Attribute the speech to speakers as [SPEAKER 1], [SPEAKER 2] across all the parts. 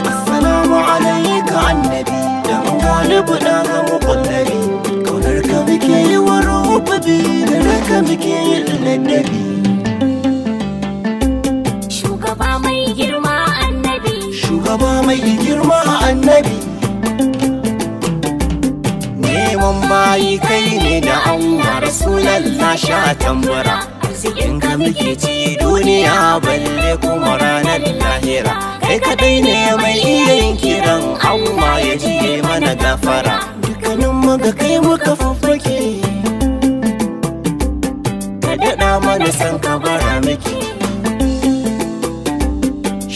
[SPEAKER 1] Assalamu alaika annabi dan galibu dan muqallabi kaunar ka muke yi wa da ka muke yi ladabi Shugaba mai girma annabi Shugaba mai girma annabi Neman bayi kai ne da Allah sunan sha tambara arzikin ka muke ci duniya balle kuma ranar lahira kai kaɗai ne mana gafara dukkanin mu ga kai muka fufuke ka daɗa mana san ka bara miki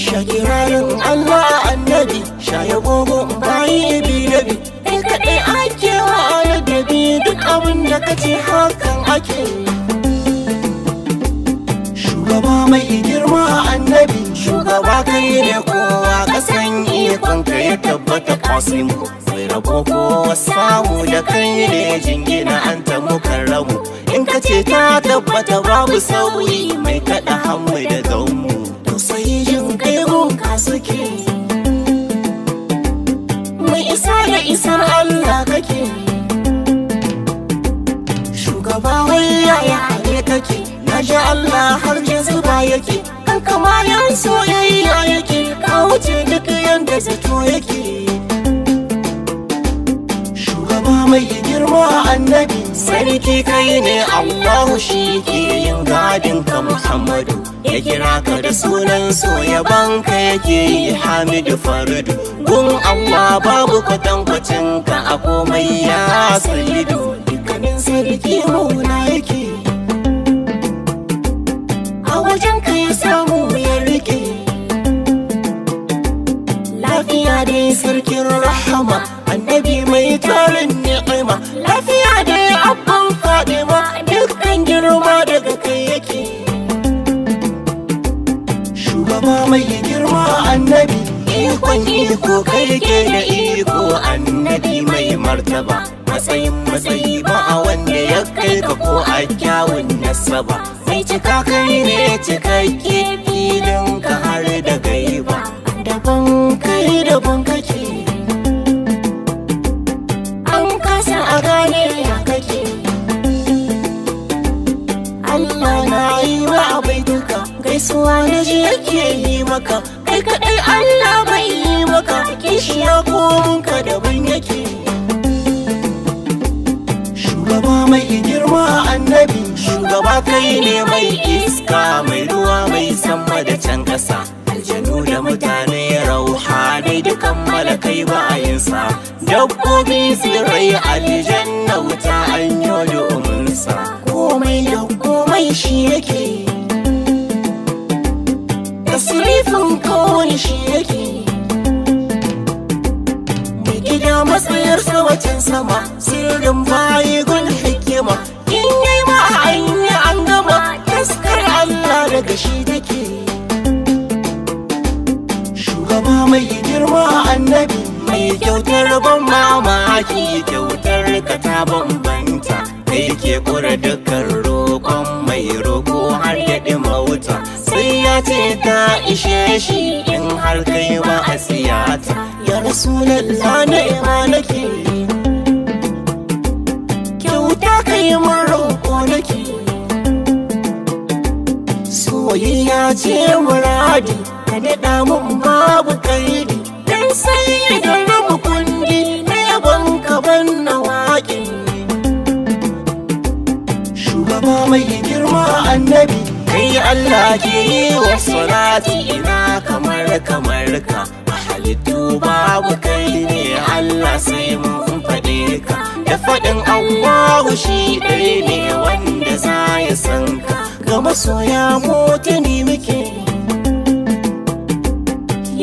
[SPEAKER 1] shakirarin Allah annabi shaye gogo bayi ibi nabi kai kaɗai ake wa aladabi duk abin da kace hakan ake shugaba mai girma annabi shugaba kai ne kowa kasan ikon ka ya tabbata kasimu koko samu da kan yi ne jingina an ta mukan ramu in ka ce ta tabbata babu sauyi mai kaɗa hammu da zaunmu to sai yin kai ka suke mai isa da isar Allah kake shugaba wai yaya ne kake na ji Allah har zuba yake kan kamar yan soyayya yake ka wuce duk yanda zato yake mai girma annabi sarki kai ne Allahu shi ke yin gadin ka Muhammadu ya kira ka da sunan soyaban ka yake yi Hamidu Fardu gun Allah babu kwacin ka a komai ya sayyidu dukkanin sarki mauna yake a wajen ka ya samu ya rike lafiya dai sarkin Farkon iko karke da iko annabi mai martaba Matsayin matsayi ba a wanda ya kai ka ko a kyawun nasaba Sai cika kai ne ke filin ka har da gaiba Daban kai daban kake An kasa a gane ya kake Allah na yi wa abai duka Gaisuwa na ji yake yi maka maka ya komunka daban yake shugaba mai girma annabi shugaba kai ne mai iska mai ruwa mai sama da can ƙasa aljanu da mutane rauhanai dukan malakai bayansa dabbobi tsirrai aljanna wuta an yi dominsa komai da komai shi yake tasirifin kowane shi wajen sama sirrin bayi gun hikima in yi ma a yi an gama taskar Allah daga shi take shugaba mai girma annabi mai kyautar ban mamaki kyautar ka ta bambanta kai ke kura dukkan roƙon mai roƙo har ya ɗima wuta sai ya ce ta ishe shi in har kai ba a siyata ya rasulallah na ima nake kyauta ka yi min roƙo nake soyayya ce muradi ka daɗa mun babu kaidi dan sai da rabu kundi na yabon ka ban na waƙe shugaba mai girma annabi kai Allah ke yi wa salati ina kamar kamar ka halittu babu kai ne Allah sai mun faɗe ka da faɗin Allahu shi ɗaya ne wanda za ya san ka ga masoya mota ne muke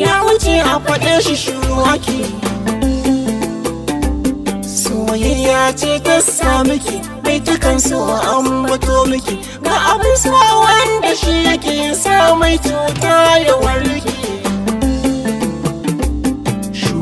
[SPEAKER 1] ya wuce a faɗe shi shuwaki. ake soyayya ce ta samu ki mai ta so an bato miki ga abin so wanda shi yake sa mai cuta ya warke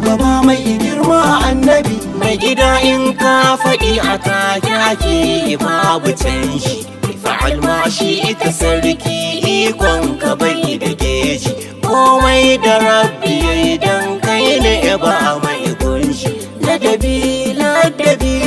[SPEAKER 1] shugaba mai girma annabi mai gida in ka faɗi a take ake babu canji fa'al ma shi ita sarki ikon ka bai da geji komai da rabbi yi dan kai ne ba mai kunshi ladabi ladabi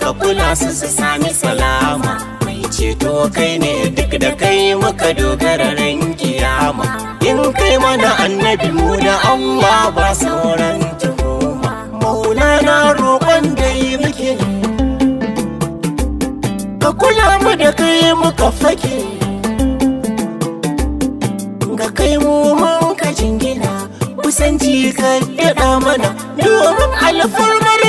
[SPEAKER 1] ka kula su su sami salama mai ceto kai ne duk da kai muka dogara ran kiyama in kai mana annabi mu da Allah ba sauran tuhuma maulana roƙon da yi muke ka kula mu da kai muka fake ga kai mu mun ka jingina kusanci ka daɗa mana domin alfarmar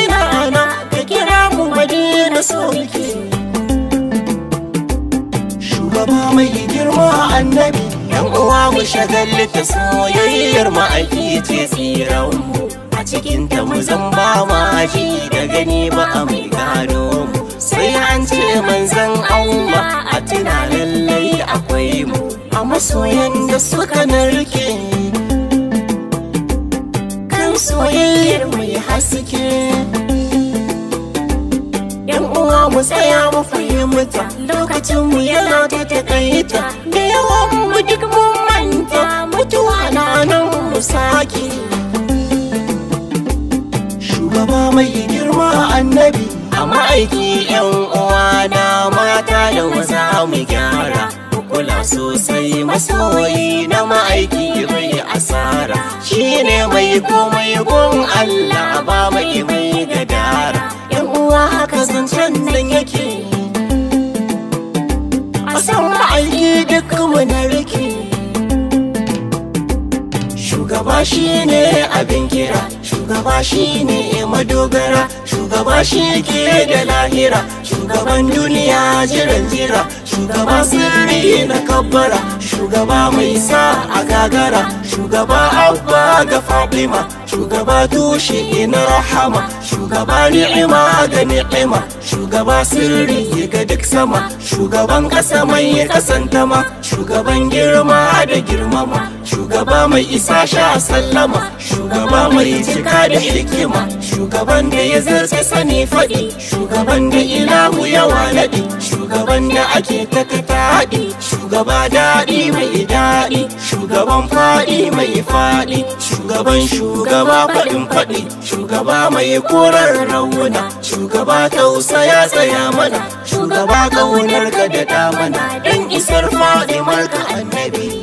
[SPEAKER 1] shugaba mai girma annabi yan uwa mu shagallita soyayyar ma'aiki ce tsiran mu a cikin ta mu zan ba maji da gani ba a mai gano mu sai an ce manzan auma a tuna lallai akwai mu a masoyan da suka narke kan soyayyar mai haske saya tsaya mu fahimta lokacin mu yana da takaita da yawan mu duk mun manta mutuwa na nan mu sake shugaba mai girma annabi a ma'aiki yan uwa na mata da maza mu gyara kula sosai masoyi na ma'aiki mai asara shine mai komai gun Allah ba mai mai gadara yan uwa haka zancen ne hannu na riki shugaba shi ne abin kira shugaba shi ne madogara shugaba shi ke da lahira shugaban duniya jiran jira shugaba sirri na kabbara shugaba mai sa a gagara shugaba abba ga fadima shugaba tushe ina rahama shugaba ni'ima ga ni'ima shugaba sirri ga duk sama shugaban ƙasa mai ya kasantama shugaban girma da girmama shugaba mai isa sha sallama shugaba mai cika da hikima shugaban da ya zarce sani faɗi shugaban da ilahu yawa naɗi shugaban da ake takata haɗi shugaba daɗi mai daɗi shugaban faɗi mai faɗi shugaban shugaba faɗin faɗi shugaba mai korar rauna shugaba tausaya tsaya mana shugaba ƙaunar ka da damana dan isar faɗi marka annabi